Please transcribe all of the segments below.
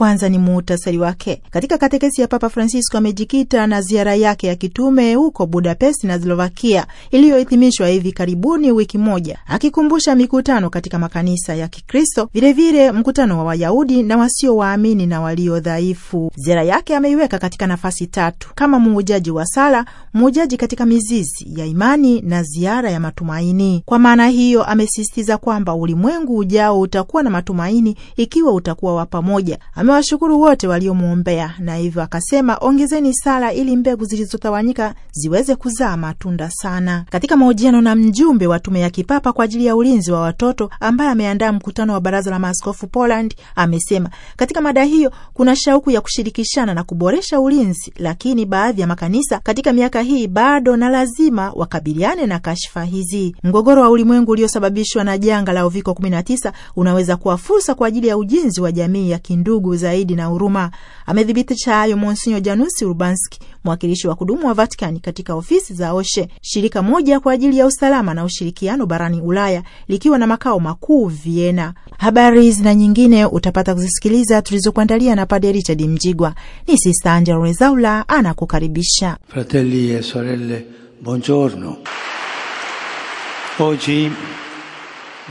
kwanza ni muhtasari wake. Katika katekesi ya Papa Francisco amejikita na ziara yake ya kitume huko Budapest na Slovakia iliyohitimishwa hivi karibuni wiki moja, akikumbusha mikutano katika makanisa ya Kikristo, vilevile mkutano wa Wayahudi na wasio waamini na walio dhaifu. Ziara yake ameiweka katika nafasi tatu kama muujaji wa sala, muujaji katika mizizi ya imani na ziara ya matumaini. Kwa maana hiyo, amesisitiza kwamba ulimwengu ujao utakuwa na matumaini ikiwa utakuwa wa pamoja amewashukuru wote waliomwombea, na hivyo akasema, ongezeni sala ili mbegu zilizotawanyika ziweze kuzaa matunda sana. Katika mahojiano na mjumbe wa tume ya kipapa kwa ajili ya ulinzi wa watoto ambaye ameandaa mkutano wa baraza la maaskofu Poland, amesema katika mada hiyo kuna shauku ya kushirikishana na kuboresha ulinzi, lakini baadhi ya makanisa katika miaka hii bado na lazima wakabiliane na kashfa hizi. Mgogoro wa ulimwengu uliosababishwa na janga la uviko 19 unaweza kuwa fursa kwa ajili ya ujenzi wa jamii ya kindugu zaidi na huruma. Amethibitisha hayo Monsinyo Janusi Urbanski, mwakilishi wa kudumu wa Vatikani katika ofisi za OSHE, shirika moja kwa ajili ya usalama na ushirikiano barani Ulaya, likiwa na makao makuu Viena. Habari hizi na nyingine utapata kuzisikiliza tulizokuandalia na Padre Richard Mjigwa. Ni Sista Angela Rezaula anakukaribisha. Fratelli e sorelle, buongiorno. Oggi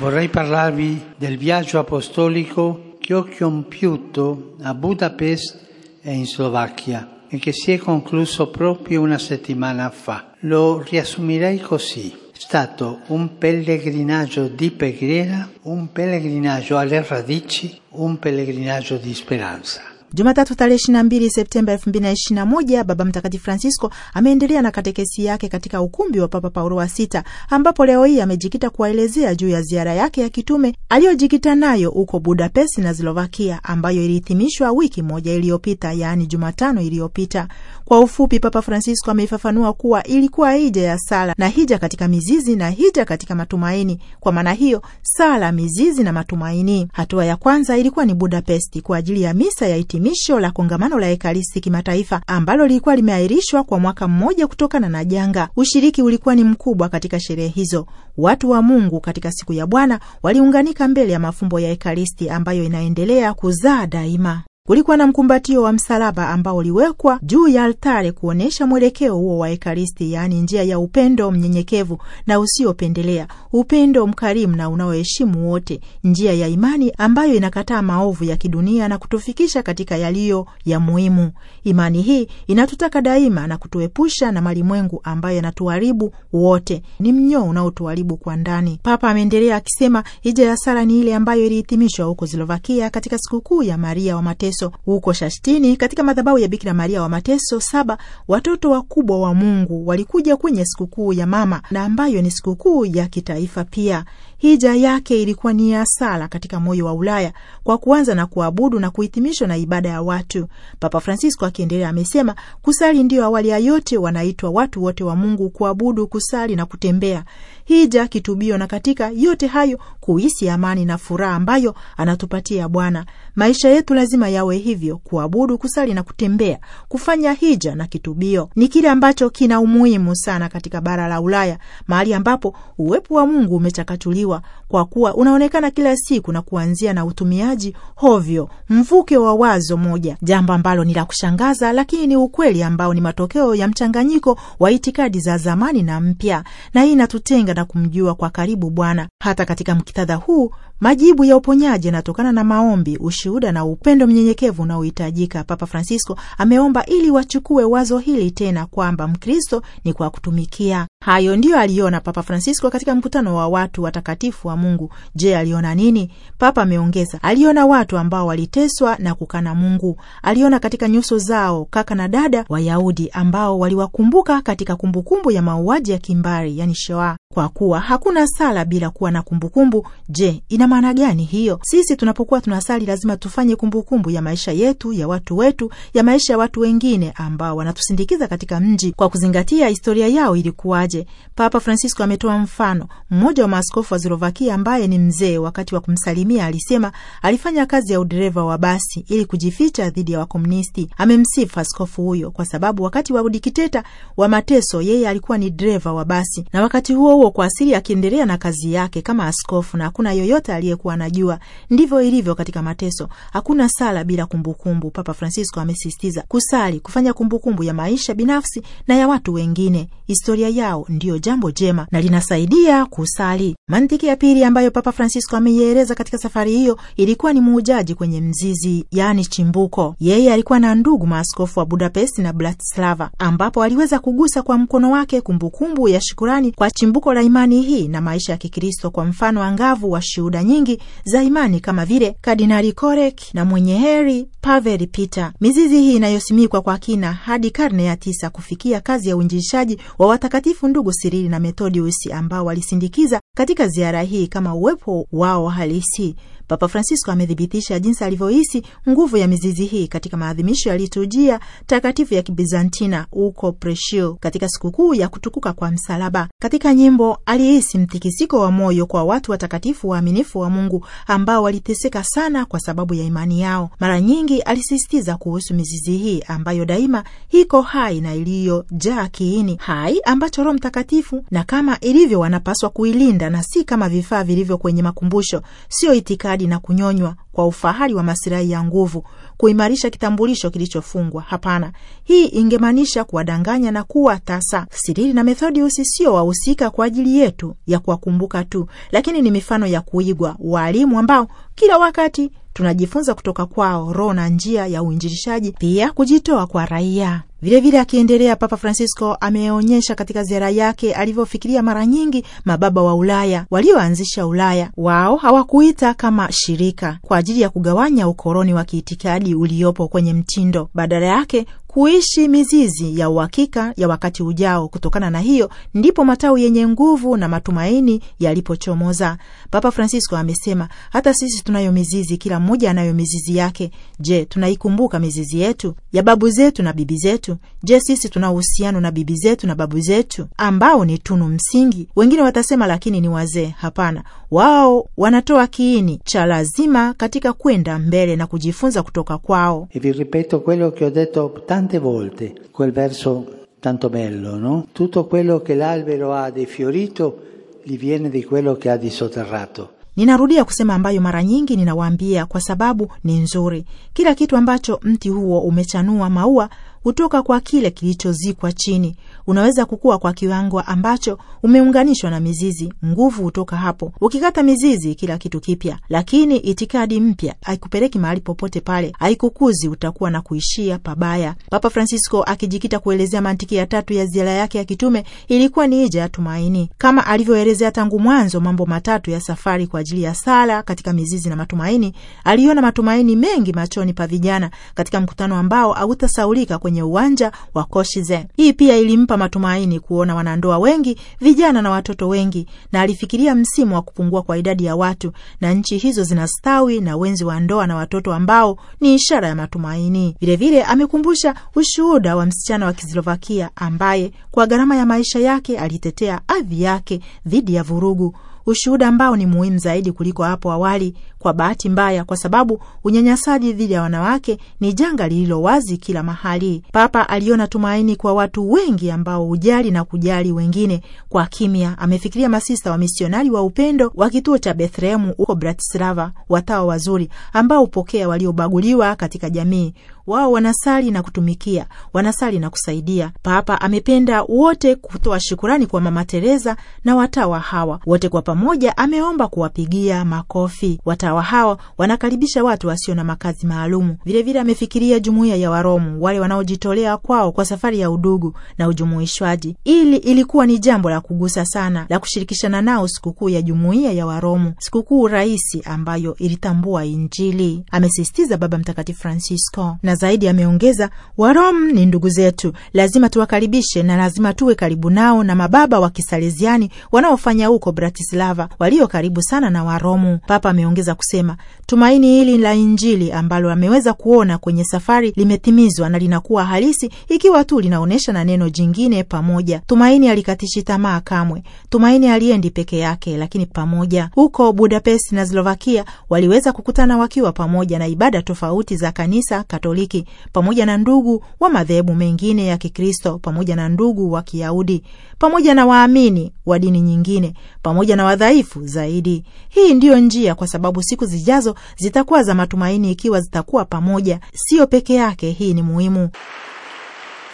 vorrei parlarvi del viaggio apostolico che ho compiuto a Budapest e in Slovacchia e che si è concluso proprio una settimana fa. Lo riassumirei così. È stato un pellegrinaggio di preghiera, un pellegrinaggio alle radici, un pellegrinaggio di speranza. Jumatatu tarehe ishirini na mbili Septemba elfu mbili na ishirini na moja Baba Mtakatifu Francisco ameendelea na katekesi yake katika ukumbi wa Papa Paulo wa Sita, ambapo leo hii amejikita kuwaelezea juu ya ziara yake ya kitume aliyojikita nayo huko Budapest na Slovakia, ambayo ilihitimishwa wiki moja iliyopita, yaani Jumatano iliyopita. Kwa ufupi, Papa Francisco ameifafanua kuwa ilikuwa hija ya sala na hija katika mizizi na hija katika matumaini. Kwa maana hiyo, sala, mizizi na matumaini. Hatua ya kwanza ilikuwa ni Budapesti kwa ajili ya misa ya iti hitimisho la kongamano la Ekaristi kimataifa ambalo lilikuwa limeahirishwa kwa mwaka mmoja kutokana na janga. Ushiriki ulikuwa ni mkubwa katika sherehe hizo. Watu wa Mungu katika siku ya Bwana waliunganika mbele ya mafumbo ya Ekaristi ambayo inaendelea kuzaa daima. Kulikuwa na mkumbatio wa msalaba ambao uliwekwa juu ya altare kuonyesha mwelekeo huo wa Ekaristi, yaani njia ya upendo mnyenyekevu na usiopendelea, upendo mkarimu na unaoheshimu wote, njia ya imani ambayo inakataa maovu ya kidunia na kutufikisha katika yaliyo ya muhimu. Imani hii inatutaka daima na kutuepusha na malimwengu ambayo yanatuharibu wote, ni mnyoo unaotuharibu kwa ndani. Papa ameendelea akisema, hija ya sala ni ile ambayo ilihitimishwa huko Slovakia katika sikukuu ya Maria wa Mateso Mateso huko Shastini katika madhabahu ya Bikira Maria wa Mateso saba, watoto wakubwa wa Mungu walikuja kwenye sikukuu ya mama na ambayo ni sikukuu ya kitaifa pia. Hija yake ilikuwa ni ya sala katika moyo wa Ulaya kwa kuanza na kuabudu na kuhitimishwa na ibada ya watu. Papa Francisco akiendelea amesema, kusali ndio awali ya yote, wanaitwa watu wote wa Mungu kuabudu, kusali na kutembea hija, kitubio, na katika yote hayo kuhisi amani na furaha ambayo anatupatia Bwana. Maisha yetu lazima yawe hivyo: kuabudu, kusali na kutembea, kufanya hija na kitubio ni kile ambacho kina umuhimu sana katika bara la Ulaya, mahali ambapo uwepo wa Mungu umechakatuliwa kwa kuwa unaonekana kila siku na kuanzia na utumiaji hovyo, mvuke wa wazo moja, jambo ambalo ni la kushangaza, lakini ni ukweli ambao ni matokeo ya mchanganyiko wa itikadi za zamani na mpya, na hii inatutenga na kumjua kwa karibu Bwana. Hata katika muktadha huu, majibu ya uponyaji yanatokana na maombi ushi ushuhuda na upendo mnyenyekevu unaohitajika, Papa Francisco ameomba ili wachukue wazo hili tena kwamba Mkristo ni kwa kutumikia Hayo ndiyo aliona Papa Francisco katika mkutano wa watu watakatifu wa Mungu. Je, aliona nini? Papa ameongeza, aliona watu ambao waliteswa na kukana Mungu. Aliona katika nyuso zao kaka na dada Wayahudi ambao waliwakumbuka katika kumbukumbu ya mauaji ya kimbari, yani Shoa. Kwa kuwa hakuna sala bila kuwa na kumbukumbu. Je, ina maana gani hiyo? Sisi tunapokuwa tunasali lazima tufanye kumbukumbu ya maisha yetu, ya watu wetu, ya maisha ya watu wengine ambao wanatusindikiza katika mji, kwa kuzingatia historia yao ilikuwaje nje, Papa Francisco ametoa mfano. Mmoja wa maaskofu wa Slovakia ambaye ni mzee, wakati wa kumsalimia alisema alifanya kazi ya udereva wa basi ili kujificha dhidi ya wakomunisti. Amemsifu askofu huyo kwa sababu wakati wa udikiteta wa mateso yeye alikuwa ni dereva wa basi, na wakati huo huo kwa asili akiendelea na kazi yake kama askofu, na hakuna yoyote aliyekuwa anajua. Ndivyo ilivyo katika mateso, hakuna sala bila kumbukumbu. Papa Francisco amesisitiza kusali, kufanya kumbukumbu ya maisha binafsi na ya watu wengine, historia yao yao ndiyo jambo jema na linasaidia kusali. Mantiki ya pili ambayo Papa Francisco ameieleza katika safari hiyo ilikuwa ni muujaji kwenye mzizi, yaani chimbuko. Yeye alikuwa na ndugu maaskofu wa Budapest na Bratislava, ambapo aliweza kugusa kwa mkono wake kumbukumbu ya shukurani kwa chimbuko la imani hii na maisha ya Kikristo kwa mfano angavu wa shuhuda nyingi za imani kama vile Kardinali Korek na mwenye heri Pavel Peter. Mizizi hii inayosimikwa kwa kina hadi karne ya tisa kufikia kazi ya uinjilishaji wa watakatifu ndugu Sirili na Methodius ambao walisindikiza katika ziara hii kama uwepo wao halisi Papa Francisco amethibitisha jinsi alivyohisi nguvu ya mizizi hii katika maadhimisho ya liturujia takatifu ya Kibizantina huko Preshio katika sikukuu ya kutukuka kwa msalaba. Katika nyimbo alihisi mtikisiko wa moyo kwa watu watakatifu waaminifu wa Mungu ambao waliteseka sana kwa sababu ya imani yao. Mara nyingi alisisitiza kuhusu mizizi hii ambayo daima hiko hai na iliyojaa kiini hai ambacho Roho Mtakatifu na kama ilivyo wanapaswa kuilinda na si kama vifaa vilivyo kwenye makumbusho, sio itikadi ustadi na kunyonywa kwa ufahari wa masilahi ya nguvu, kuimarisha kitambulisho kilichofungwa. Hapana, hii ingemaanisha kuwadanganya na kuwa tasa. Sirili na Methodiusi sio wahusika kwa ajili yetu ya kuwakumbuka tu, lakini ni mifano ya kuigwa, waalimu ambao kila wakati tunajifunza kutoka kwao roho na njia ya uinjilishaji, pia kujitoa kwa raia. Vilevile akiendelea, Papa Francisco ameonyesha katika ziara yake alivyofikiria mara nyingi mababa wa Ulaya walioanzisha Ulaya. Wao hawakuita kama shirika kwa ajili ya kugawanya ukoloni wa kiitikadi uliopo kwenye mtindo, badala yake kuishi mizizi ya uhakika ya wakati ujao. Kutokana na hiyo ndipo matawi yenye nguvu na matumaini yalipochomoza. Papa Francisco amesema, hata sisi tunayo mizizi, kila mmoja anayo mizizi yake. Je, tunaikumbuka mizizi yetu ya babu zetu na bibi zetu? Je, sisi tuna uhusiano na bibi zetu na babu zetu ambao ni tunu msingi? Wengine watasema lakini ni wazee. Hapana, wao wanatoa kiini cha lazima katika kwenda mbele na kujifunza kutoka kwao. vi ripeto quello che ho detto tante volte quel verso tanto bello, no? Tutto quello che l'albero ha di fiorito gli viene di quello che ha di sotterrato. Ninarudia kusema ambayo mara nyingi ninawaambia, kwa sababu ni nzuri. Kila kitu ambacho mti huo umechanua maua hutoka kwa kile kilichozikwa chini. Unaweza kukua kwa kiwango ambacho umeunganishwa na mizizi. Nguvu hutoka hapo. Ukikata mizizi, kila kitu kipya. Lakini itikadi mpya haikupeleki mahali popote pale, haikukuzi, utakuwa na kuishia pabaya. Papa Francisco akijikita kuelezea mantiki ya tatu ya ziara yake ya kitume, ilikuwa ni ija ya tumaini, kama alivyoelezea tangu mwanzo mambo matatu ya safari kwa ajili ya sala katika mizizi na matumaini. Aliona matumaini mengi machoni pa vijana katika mkutano ambao hautasaulika kwenye uwanja wa Koshizen. Hii pia ilimpa matumaini kuona wanandoa wengi vijana na watoto wengi, na alifikiria msimu wa kupungua kwa idadi ya watu, na nchi hizo zinastawi na wenzi wa ndoa na watoto ambao ni ishara ya matumaini. Vilevile amekumbusha ushuhuda wa msichana wa Kislovakia ambaye kwa gharama ya maisha yake alitetea ardhi yake dhidi ya vurugu ushuhuda ambao ni muhimu zaidi kuliko hapo awali, kwa bahati mbaya, kwa sababu unyanyasaji dhidi ya wanawake ni janga lililo wazi kila mahali. Papa aliona tumaini kwa watu wengi ambao hujali na kujali wengine kwa kimya. Amefikiria masista wa misionari wa upendo wa kituo cha Bethlehemu huko Bratislava, watawa wazuri ambao hupokea waliobaguliwa katika jamii wao wanasali na kutumikia, wanasali na kusaidia. Papa amependa wote kutoa shukurani kwa Mama Teresa na watawa hawa wote kwa pamoja, ameomba kuwapigia makofi watawa hawa. Wanakaribisha watu wasio na makazi maalumu. Vilevile amefikiria jumuiya ya Waromu, wale wanaojitolea kwao kwa safari ya udugu na ujumuishwaji. Ili ilikuwa ni jambo la kugusa sana la kushirikishana nao sikukuu ya jumuiya ya Waromu, sikukuu rahisi ambayo ilitambua Injili, amesisitiza Baba Mtakatifu Francisco na zaidi ameongeza, Warom ni ndugu zetu, lazima tuwakaribishe na lazima tuwe karibu nao na mababa wa kisaleziani wanaofanya huko Bratislava, walio karibu sana na Waromu. Papa ameongeza kusema, tumaini hili la Injili ambalo ameweza kuona kwenye safari limetimizwa na linakuwa halisi ikiwa tu linaonyesha na neno jingine pamoja. Tumaini alikatishi tamaa kamwe, tumaini aliendi peke yake, lakini pamoja. Huko Budapest na Slovakia waliweza kukutana wakiwa pamoja na ibada tofauti za kanisa Katoliki Katoliki pamoja na ndugu wa madhehebu mengine ya Kikristo pamoja na ndugu wa Kiyahudi pamoja na waamini wa dini nyingine pamoja na wadhaifu zaidi. Hii ndiyo njia, kwa sababu siku zijazo zitakuwa za matumaini ikiwa zitakuwa pamoja, sio peke yake. Hii ni muhimu.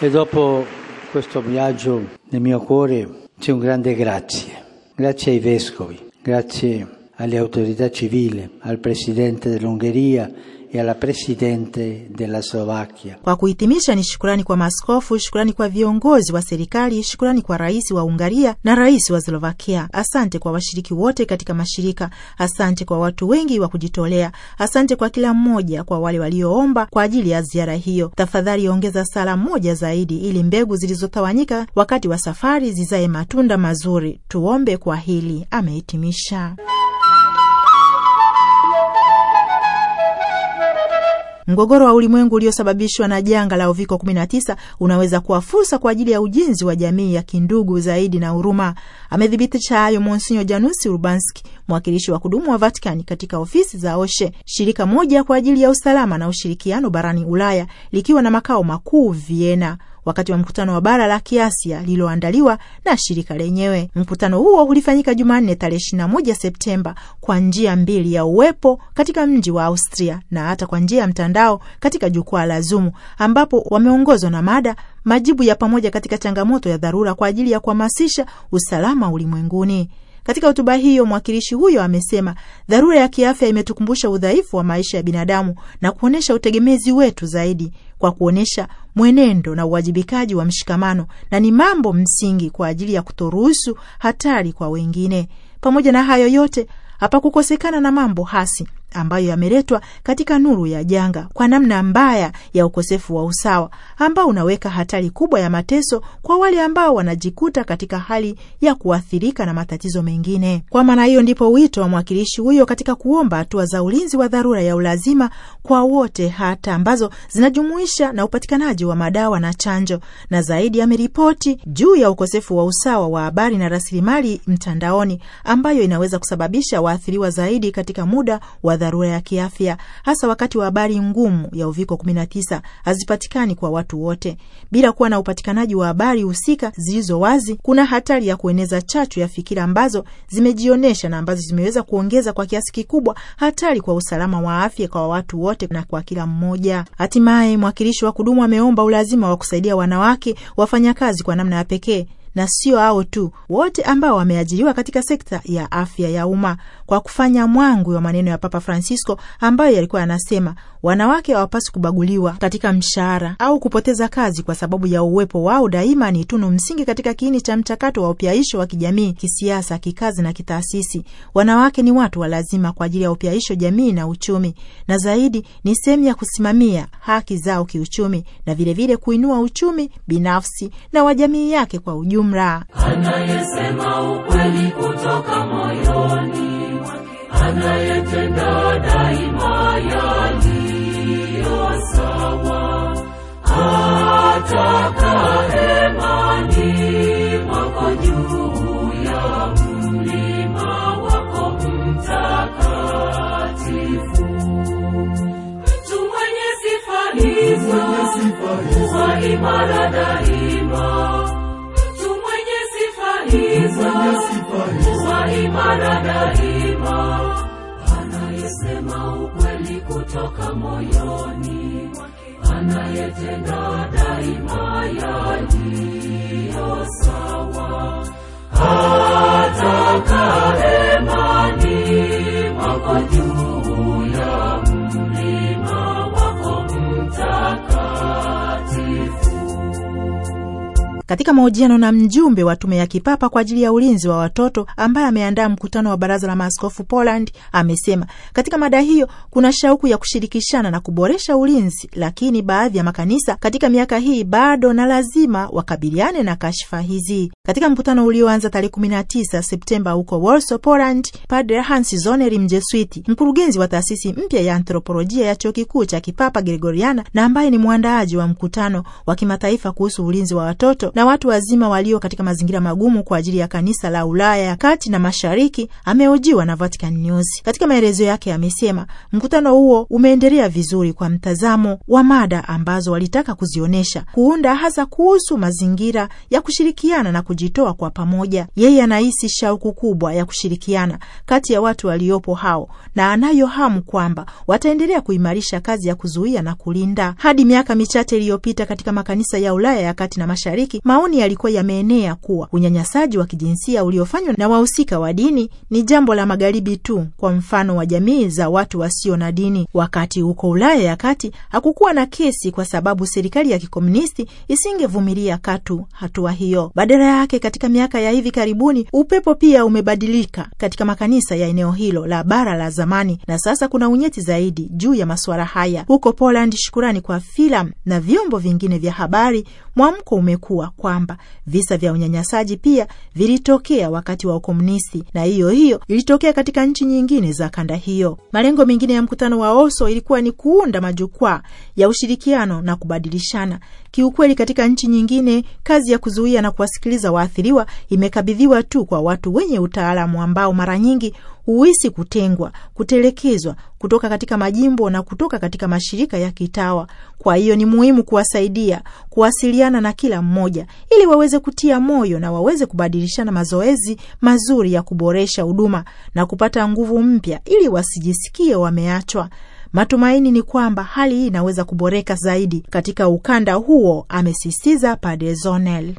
E dopo questo viaggio nel mio cuore c'è un grande grazie, grazie ai vescovi, grazie alle autorità civili, al presidente dell'Ungheria e alla presidente della Slovakia. Kwa kuhitimisha, ni shukurani kwa maskofu shukurani kwa viongozi wa serikali, shukurani kwa rais wa Ungaria na rais wa Slovakia. Asante kwa washiriki wote katika mashirika, asante kwa watu wengi wa kujitolea, asante kwa kila mmoja, kwa wale walioomba kwa ajili ya ziara hiyo. Tafadhali ongeza sala moja zaidi, ili mbegu zilizotawanyika wakati wa safari zizae matunda mazuri. Tuombe kwa hili, amehitimisha. Mgogoro wa ulimwengu uliosababishwa na janga la uviko 19 unaweza kuwa fursa kwa ajili ya ujenzi wa jamii ya kindugu zaidi na huruma. Amethibitisha hayo Monsinyo Janusi Urbanski, mwakilishi wa kudumu wa Vatikani katika ofisi za OSHE, shirika moja kwa ajili ya usalama na ushirikiano barani Ulaya likiwa na makao makuu Vienna wakati wa mkutano wa bara la Kiasia lililoandaliwa na shirika lenyewe. Mkutano huo ulifanyika Jumanne tarehe 21 Septemba kwa njia mbili ya uwepo katika mji wa Austria na hata kwa njia ya mtandao katika jukwaa la Zoom ambapo wameongozwa na mada majibu ya pamoja katika changamoto ya dharura kwa ajili ya kuhamasisha usalama ulimwenguni. Katika hotuba hiyo mwakilishi huyo amesema dharura ya kiafya imetukumbusha udhaifu wa maisha ya binadamu na kuonyesha utegemezi wetu zaidi kwa kuonyesha mwenendo na uwajibikaji wa mshikamano, na ni mambo msingi kwa ajili ya kutoruhusu hatari kwa wengine. Pamoja na hayo yote, hapakukosekana na mambo hasi ambayo yameletwa katika nuru ya janga kwa namna mbaya ya ukosefu wa usawa ambao unaweka hatari kubwa ya mateso kwa wale ambao wanajikuta katika hali ya kuathirika na matatizo mengine. Kwa maana hiyo, ndipo wito wa mwakilishi huyo katika kuomba hatua za ulinzi wa dharura ya ulazima kwa wote, hata ambazo zinajumuisha na upatikanaji wa madawa na chanjo. Na zaidi ameripoti juu ya ukosefu wa usawa wa habari na rasilimali mtandaoni ambayo inaweza kusababisha waathiriwa zaidi katika muda wa dharura ya kiafya, hasa wakati wa habari ngumu ya uviko 19 hazipatikani kwa watu wote. Bila kuwa na upatikanaji wa habari husika zilizo wazi, kuna hatari ya kueneza chachu ya fikira ambazo zimejionyesha na ambazo zimeweza kuongeza kwa kiasi kikubwa hatari kwa usalama wa afya kwa watu wote na kwa kila mmoja. Hatimaye, mwakilishi wa kudumu ameomba ulazima wa kusaidia wanawake wafanyakazi kwa namna ya pekee na sio hao tu, wote ambao wameajiriwa katika sekta ya afya ya umma, kwa kufanya mwangwi wa maneno ya Papa Francisco ambayo yalikuwa yanasema Wanawake hawapaswi kubaguliwa katika mshahara au kupoteza kazi kwa sababu ya uwepo wao; daima ni tunu msingi katika kiini cha mchakato wa upyaisho wa kijamii, kisiasa, kikazi na kitaasisi. Wanawake ni watu wa lazima kwa ajili ya upyaisho jamii na uchumi, na zaidi ni sehemu ya kusimamia haki zao kiuchumi na vilevile vile kuinua uchumi binafsi na wa jamii yake kwa ujumla. Anayesema ukweli kutoka moyoni, anayetenda daima yali sawa ataka hemani mwako juu ya mlima wako mtakatifu mtu mwenye sifa hizo kuwa imara daima mtu mwenye sifa hizo kuwa imara daima anayesema ukweli kutoka moyoni, anayetenda daima yaliyo sawa, hata kama imani mwako juu Katika mahojiano na mjumbe wa tume ya kipapa kwa ajili ya ulinzi wa watoto ambaye ameandaa mkutano wa baraza la maaskofu Poland, amesema katika mada hiyo kuna shauku ya kushirikishana na kuboresha ulinzi, lakini baadhi ya makanisa katika miaka hii bado na lazima wakabiliane na kashfa hizi. Katika mkutano ulioanza tarehe 19 Septemba huko Warsaw, Poland, Padre Hans Zoner, mjeswiti mkurugenzi wa taasisi mpya ya anthropolojia ya chuo kikuu cha kipapa Gregoriana na ambaye ni mwandaaji wa mkutano wa kimataifa kuhusu ulinzi wa watoto na watu wazima walio katika mazingira magumu kwa ajili ya kanisa la Ulaya ya kati na mashariki, ameojiwa na Vatican News. Katika maelezo yake amesema mkutano huo umeendelea vizuri kwa mtazamo wa mada ambazo walitaka kuzionyesha kuunda, hasa kuhusu mazingira ya kushirikiana na kujitoa kwa pamoja. Yeye anahisi shauku kubwa ya kushirikiana kati ya watu waliopo hao na anayo hamu kwamba wataendelea kuimarisha kazi ya kuzuia na kulinda. Hadi miaka michache iliyopita, katika makanisa ya Ulaya ya kati na mashariki maoni yalikuwa yameenea kuwa unyanyasaji wa kijinsia uliofanywa na wahusika wa dini ni jambo la magharibi tu, kwa mfano wa jamii za watu wasio na dini, wakati huko Ulaya ya kati hakukuwa na kesi, kwa sababu serikali ya kikomunisti isingevumilia katu hatua hiyo. Badala yake, katika miaka ya hivi karibuni upepo pia umebadilika katika makanisa ya eneo hilo la bara la zamani, na sasa kuna unyeti zaidi juu ya masuala haya. Huko Poland, shukurani kwa filamu na vyombo vingine vya habari, mwamko umekuwa kwamba visa vya unyanyasaji pia vilitokea wakati wa ukomunisti na hiyo hiyo ilitokea katika nchi nyingine za kanda hiyo. Malengo mengine ya mkutano wa Oslo ilikuwa ni kuunda majukwaa ya ushirikiano na kubadilishana Kiukweli, katika nchi nyingine kazi ya kuzuia na kuwasikiliza waathiriwa imekabidhiwa tu kwa watu wenye utaalamu ambao mara nyingi huhisi kutengwa, kutelekezwa kutoka katika majimbo na kutoka katika mashirika ya kitawa. Kwa hiyo ni muhimu kuwasaidia kuwasiliana na kila mmoja ili waweze kutia moyo na waweze kubadilishana mazoezi mazuri ya kuboresha huduma na kupata nguvu mpya ili wasijisikie wameachwa. Matumaini ni kwamba hali hii inaweza kuboreka zaidi katika ukanda huo, amesisitiza Padre Zonel.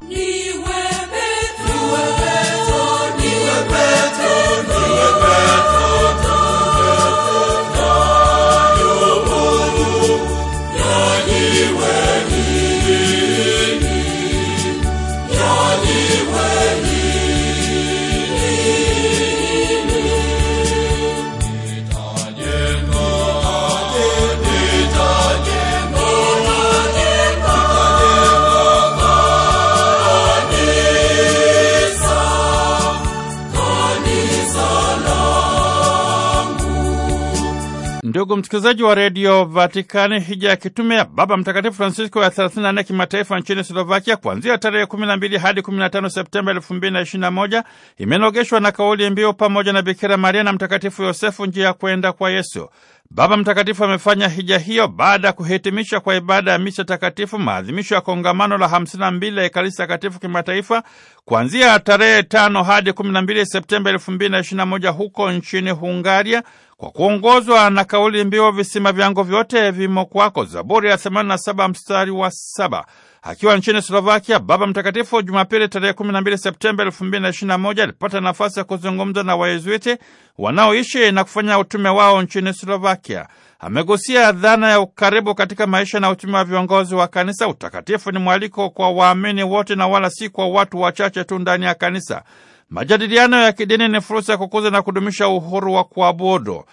Ndugu msikilizaji wa redio Vatikani, hija ya kitume ya Baba Mtakatifu Francisco ya 34 kimataifa nchini Slovakia kuanzia tarehe 12 hadi 15 Septemba 2021 imenogeshwa na kauli mbiu pamoja na Bikira Maria na Mtakatifu Yosefu, njia ya kwenda kwa Yesu. Baba Mtakatifu amefanya hija hiyo baada ya kuhitimisha kwa ibada ya misa takatifu maadhimisho ya kongamano la 52 la Ekaristi Takatifu kimataifa kuanzia tarehe 5 hadi 12 Septemba 2021 huko nchini Hungaria kwa kuongozwa na kauli mbiu visima vyangu vyote vimo kwako, Zaburi ya 87 mstari wa saba. Akiwa nchini Slovakia, Baba Mtakatifu Jumapili tarehe 12 Septemba 2021 alipata nafasi ya kuzungumza na waezwiti wanaoishi na kufanya utume wao nchini Slovakia. Amegusia dhana ya ukaribu katika maisha na utume wa viongozi wa kanisa. Utakatifu ni mwaliko kwa waamini wote na wala si kwa watu wachache tu ndani ya kanisa. Majadiliano ya kidini ni fursa ya kukuza na kudumisha uhuru wa kuabudu.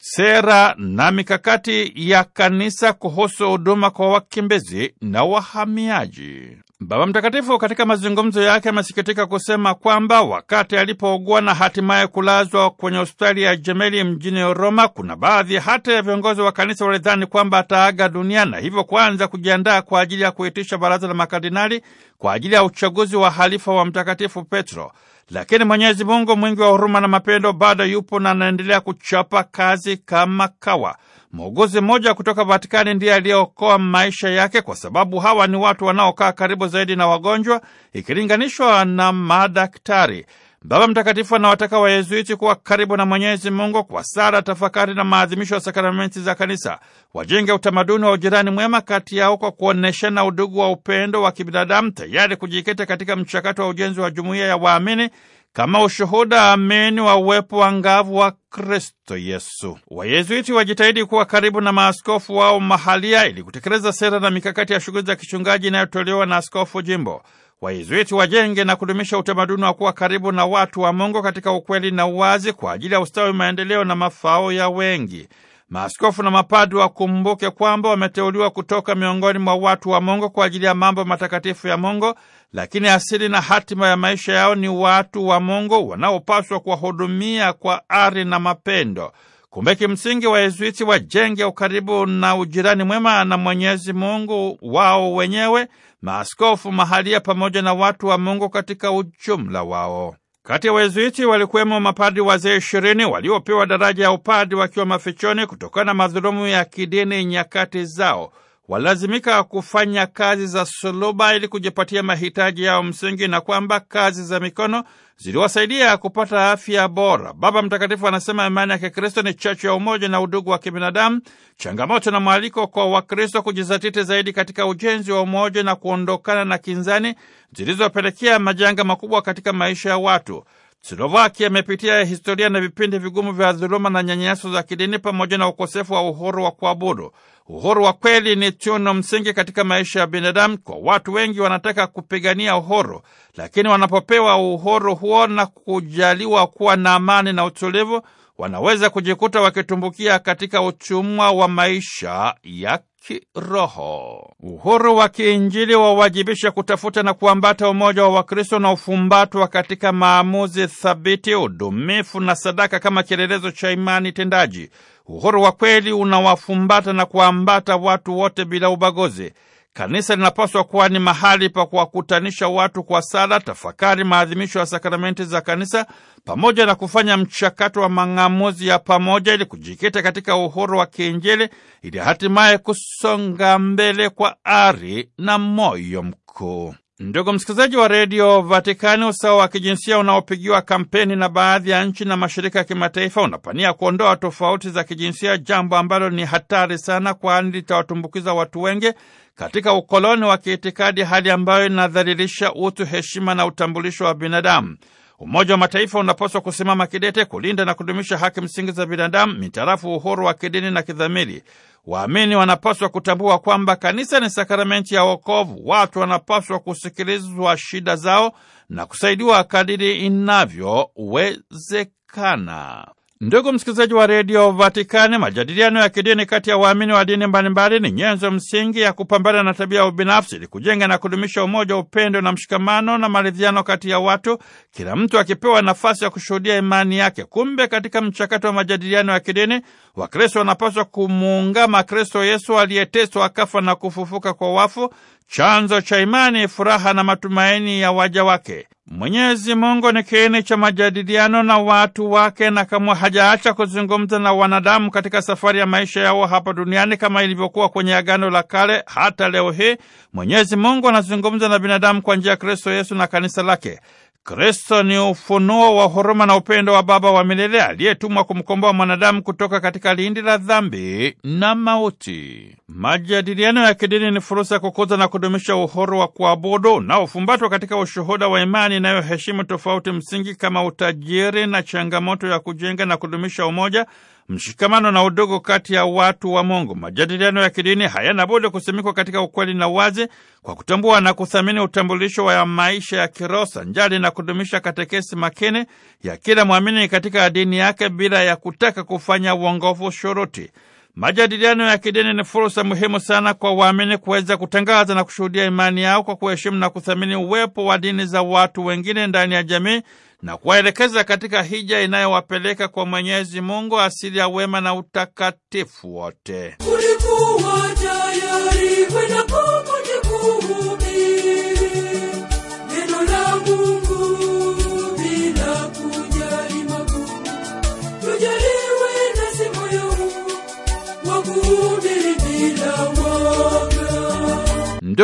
Sera na mikakati ya kanisa kuhusu huduma kwa wakimbizi na wahamiaji. Baba Mtakatifu katika mazungumzo yake amesikitika kusema kwamba wakati alipougua na hatimaye kulazwa kwenye hospitali ya Jemeli mjini Roma, kuna baadhi hata ya viongozi wa kanisa walidhani kwamba ataaga dunia na hivyo kuanza kujiandaa kwa ajili ya kuitisha baraza la makardinali kwa ajili ya uchaguzi wa halifa wa Mtakatifu Petro lakini Mwenyezi Mungu mwingi wa huruma na mapendo bado yupo na anaendelea kuchapa kazi kama kawa. Muuguzi mmoja kutoka Vatikani ndiye aliyeokoa maisha yake, kwa sababu hawa ni watu wanaokaa karibu zaidi na wagonjwa ikilinganishwa na madaktari. Baba Mtakatifu anawataka Wayezuiti kuwa karibu na Mwenyezi Mungu kwa sala, tafakari na maadhimisho ya sakramenti za Kanisa. Wajenge utamaduni wa ujirani mwema kati yao kwa kuonyeshana udugu wa upendo wa kibinadamu, tayari kujikita katika mchakato wa ujenzi wa jumuiya ya waamini kama ushuhuda amini wa uwepo wa ngavu wa Kristo Yesu. Wayezuiti wajitahidi kuwa karibu na maaskofu wao mahalia ili kutekeleza sera na mikakati ya shughuli za kichungaji inayotolewa na askofu jimbo. Waizwiti wajenge na kudumisha utamaduni wa kuwa karibu na watu wa Mungu katika ukweli na uwazi kwa ajili ya ustawi, maendeleo na mafao ya wengi. Maaskofu na mapadi wakumbuke kwamba wameteuliwa kutoka miongoni mwa watu wa Mungu kwa ajili ya mambo matakatifu ya Mungu, lakini asili na hatima ya maisha yao ni watu wa Mungu wanaopaswa kuwahudumia kwa ari na mapendo. Kumbe kimsingi Wayezuiti wajenge ukaribu na ujirani mwema na Mwenyezi Mungu wao wenyewe maaskofu mahalia pamoja na watu wa Mungu katika ujumla wao. Kati ya Wezuiti walikuwemo mapadi wazee ishirini waliopewa daraja ya upadi wakiwa mafichoni kutokana na madhulumu ya kidini nyakati zao walazimika kufanya kazi za suluba ili kujipatia mahitaji yao msingi na kwamba kazi za mikono ziliwasaidia kupata afya bora. Baba Mtakatifu anasema imani ya Kikristo ni chachu ya umoja na udugu wa kibinadamu, changamoto na mwaliko kwa Wakristo kujizatiti zaidi katika ujenzi wa umoja na kuondokana na kinzani zilizopelekea majanga makubwa katika maisha ya watu. Slovakia imepitia historia na vipindi vigumu vya dhuluma na nyanyaso za kidini pamoja na ukosefu wa uhuru wa kuabudu. Uhuru wa kweli ni tunu msingi katika maisha ya binadamu. Kwa watu wengi wanataka kupigania uhuru, lakini wanapopewa uhuru huo na kujaliwa kuwa na amani na utulivu, wanaweza kujikuta wakitumbukia katika utumwa wa maisha ya kiroho. Uhuru wa kiinjili wawajibisha kutafuta na kuambata umoja wa Wakristo na ufumbatwa katika maamuzi thabiti, udumifu na sadaka kama kielelezo cha imani tendaji. Uhuru wa kweli unawafumbata na kuambata watu wote bila ubaguzi. Kanisa linapaswa kuwa ni mahali pa kuwakutanisha watu kwa sala, tafakari, maadhimisho ya sakramenti za kanisa pamoja na kufanya mchakato wa mang'amuzi ya pamoja ili kujikita katika uhuru wa kiinjili ili hatimaye kusonga mbele kwa ari na moyo mkuu. Ndugu msikilizaji wa redio Vatikani, usawa wa kijinsia unaopigiwa kampeni na baadhi ya nchi na mashirika ya kimataifa unapania kuondoa tofauti za kijinsia, jambo ambalo ni hatari sana, kwani litawatumbukiza watu wengi katika ukoloni wa kiitikadi, hali ambayo inadhalilisha utu, heshima na utambulisho wa binadamu. Umoja wa Mataifa unapaswa kusimama kidete kulinda na kudumisha haki msingi za binadamu mitarafu uhuru wa kidini na kidhamiri. Waamini wanapaswa kutambua kwamba kanisa ni sakramenti ya wokovu. Watu wanapaswa kusikilizwa shida zao na kusaidiwa kadiri inavyowezekana. Ndugu msikilizaji wa redio Vatikani, majadiliano ya kidini kati ya waamini wa dini mbalimbali ni nyenzo msingi ya kupambana na tabia ya ubinafsi ili kujenga na kudumisha umoja, upendo na mshikamano na maridhiano kati ya watu, kila mtu akipewa nafasi ya kushuhudia imani yake. Kumbe katika mchakato wa majadiliano ya kidini Wakristo wanapaswa kumuungama Kristo Yesu aliyeteswa akafa na kufufuka kwa wafu chanzo cha imani, furaha na matumaini ya waja wake. Mwenyezi Mungu ni kiini cha majadiliano na watu wake, na kamwe hajaacha kuzungumza na wanadamu katika safari ya maisha yao hapa duniani, kama ilivyokuwa kwenye Agano la Kale. Hata leo hii Mwenyezi Mungu anazungumza na binadamu kwa njia ya Kristo Yesu na kanisa lake. Kristo ni ufunuo wa huruma na upendo wa Baba wa milele aliyetumwa kumkomboa mwanadamu kutoka katika lindi la dhambi na mauti. Majadiliano ya kidini ni fursa ya kukuza na kudumisha uhuru wa kuabudu unaofumbatwa katika ushuhuda wa imani inayoheshimu tofauti msingi kama utajiri na changamoto ya kujenga na kudumisha umoja mshikamano na udugu kati ya watu wa Mungu. Majadiliano ya kidini hayana budi kusimikwa katika ukweli na wazi, kwa kutambua na kuthamini utambulisho wa maisha ya kiroho sanjari na kudumisha katekesi makini ya kila mwamini katika dini yake bila ya kutaka kufanya uongofu shuruti. Majadiliano ya kidini ni fursa muhimu sana kwa waamini kuweza kutangaza na kushuhudia imani yao kwa kuheshimu na kuthamini uwepo wa dini za watu wengine ndani ya jamii na kuwaelekeza katika hija inayowapeleka kwa Mwenyezi Mungu, asili ya wema na utakatifu wote.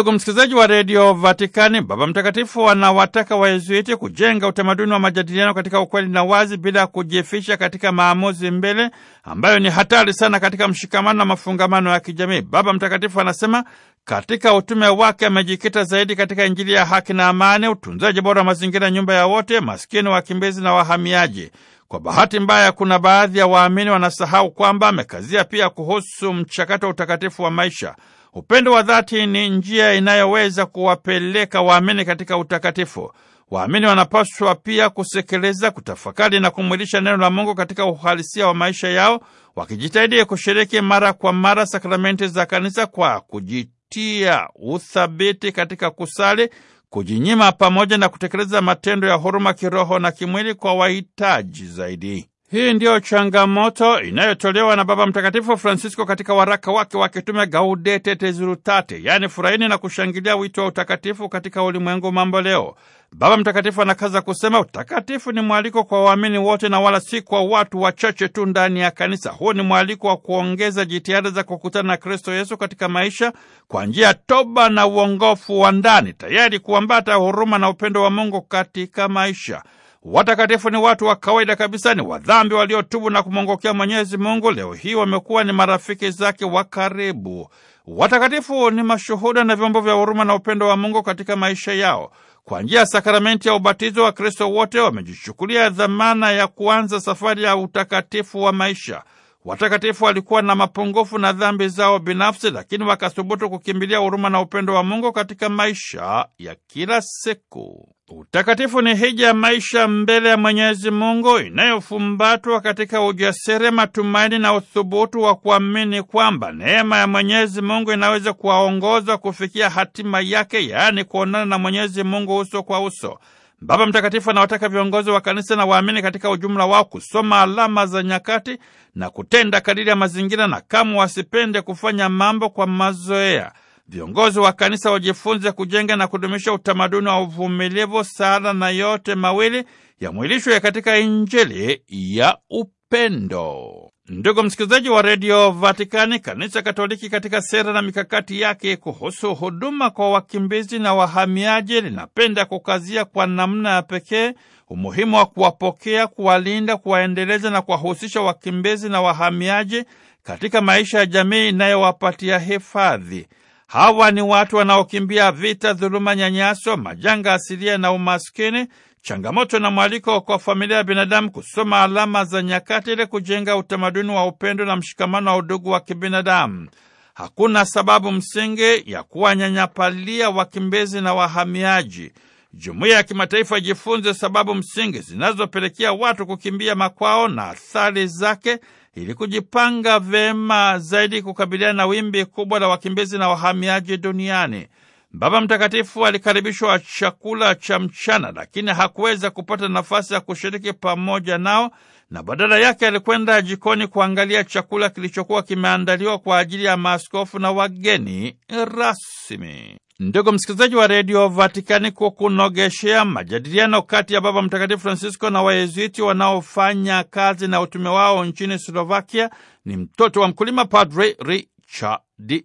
Ndugu msikilizaji wa redio Vatikani, Baba Mtakatifu anawataka Wayezuiti kujenga utamaduni wa majadiliano katika ukweli na wazi, bila kujifisha katika maamuzi mbele, ambayo ni hatari sana katika mshikamano na mafungamano ya kijamii. Baba Mtakatifu anasema katika utume wake amejikita zaidi katika Injili ya haki na amani, utunzaji bora wa mazingira, nyumba ya wote, maskini, wakimbizi na wahamiaji. Kwa bahati mbaya, kuna baadhi ya waamini wanasahau kwamba amekazia pia kuhusu mchakato wa utakatifu wa maisha. Upendo wa dhati ni njia inayoweza kuwapeleka waamini katika utakatifu. Waamini wanapaswa pia kusekeleza, kutafakari na kumwilisha neno la Mungu katika uhalisia wa maisha yao, wakijitahidi kushiriki mara kwa mara sakramenti za kanisa kwa kujitia uthabiti katika kusali, kujinyima, pamoja na kutekeleza matendo ya huruma kiroho na kimwili kwa wahitaji zaidi. Hii ndiyo changamoto inayotolewa na Baba Mtakatifu Francisco katika waraka wake wa kitume Gaudete Tezulutate, yaani furahini na kushangilia wito wa utakatifu katika ulimwengu mambo leo. Baba Mtakatifu anakaza kusema utakatifu ni mwaliko kwa waamini wote na wala si kwa watu wachache tu ndani ya kanisa. Huu ni mwaliko wa kuongeza jitihada za kukutana na Kristo Yesu katika maisha kwa njia ya toba na uongofu wa ndani, tayari kuambata huruma na upendo wa Mungu katika maisha. Watakatifu ni watu wa kawaida kabisa, ni wadhambi waliotubu na kumwongokea Mwenyezi Mungu. Leo hii wamekuwa ni marafiki zake wa karibu. Watakatifu ni mashuhuda na vyombo vya huruma na upendo wa Mungu katika maisha yao. Kwa njia ya sakramenti ya ubatizo, wa kristo wote wamejichukulia dhamana ya kuanza safari ya utakatifu wa maisha. Watakatifu walikuwa na mapungufu na dhambi zao binafsi, lakini wakathubutu kukimbilia huruma na upendo wa Mungu katika maisha ya kila siku. Utakatifu ni hija ya maisha mbele ya Mwenyezi Mungu inayofumbatwa katika ujasiri, matumaini na uthubutu wa kuamini kwamba neema ya Mwenyezi Mungu inaweza kuwaongoza kufikia hatima yake, yaani kuonana na Mwenyezi Mungu uso kwa uso. Baba Mtakatifu anawataka viongozi wa kanisa na waamini katika ujumla wao kusoma alama za nyakati na kutenda kadiri ya mazingira, na kamwe wasipende kufanya mambo kwa mazoea viongozi wa kanisa wajifunze kujenga na kudumisha utamaduni wa uvumilivu, sala na yote mawili yamwilishwe katika Injili ya upendo. Ndugu msikilizaji wa redio Vatikani, kanisa Katoliki katika sera na mikakati yake kuhusu huduma kwa wakimbizi na wahamiaji linapenda kukazia kwa namna ya pekee umuhimu wa kuwapokea, kuwalinda, kuwaendeleza na kuwahusisha wakimbizi na wahamiaji katika maisha ya jamii inayowapatia hifadhi. Hawa ni watu wanaokimbia vita, dhuluma, nyanyaso, majanga asilia na umaskini, changamoto na mwaliko kwa familia ya binadamu kusoma alama za nyakati ili kujenga utamaduni wa upendo na mshikamano wa udugu wa kibinadamu. Hakuna sababu msingi ya kuwanyanyapalia wakimbizi na wahamiaji. Jumuiya ya kimataifa ijifunze sababu msingi zinazopelekea watu kukimbia makwao na athari zake ili kujipanga vema zaidi kukabiliana na wimbi kubwa la wakimbizi na wahamiaji duniani. Baba Mtakatifu alikaribishwa chakula cha mchana, lakini hakuweza kupata nafasi ya kushiriki pamoja nao, na badala yake alikwenda jikoni kuangalia chakula kilichokuwa kimeandaliwa kwa ajili ya maaskofu na wageni rasmi. Ndugu msikilizaji wa redio Vatikani, kukunogeshea majadiliano kati ya Baba Mtakatifu Francisco na Wayezuiti wanaofanya kazi na utume wao nchini Slovakia ni mtoto wa mkulima, Padre Richard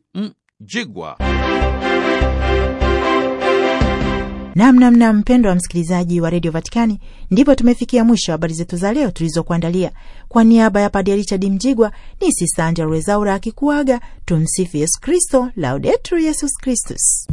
Mjigwa. Namnamna mpendo wa msikilizaji wa redio Vatikani, ndipo tumefikia mwisho habari zetu za leo tulizokuandalia. Kwa niaba ya Padre Richard Mjigwa ni sisanja Angela Rwezaura akikuaga. Tumsifu Yesu Kristo, Laudetur Yesus Kristus.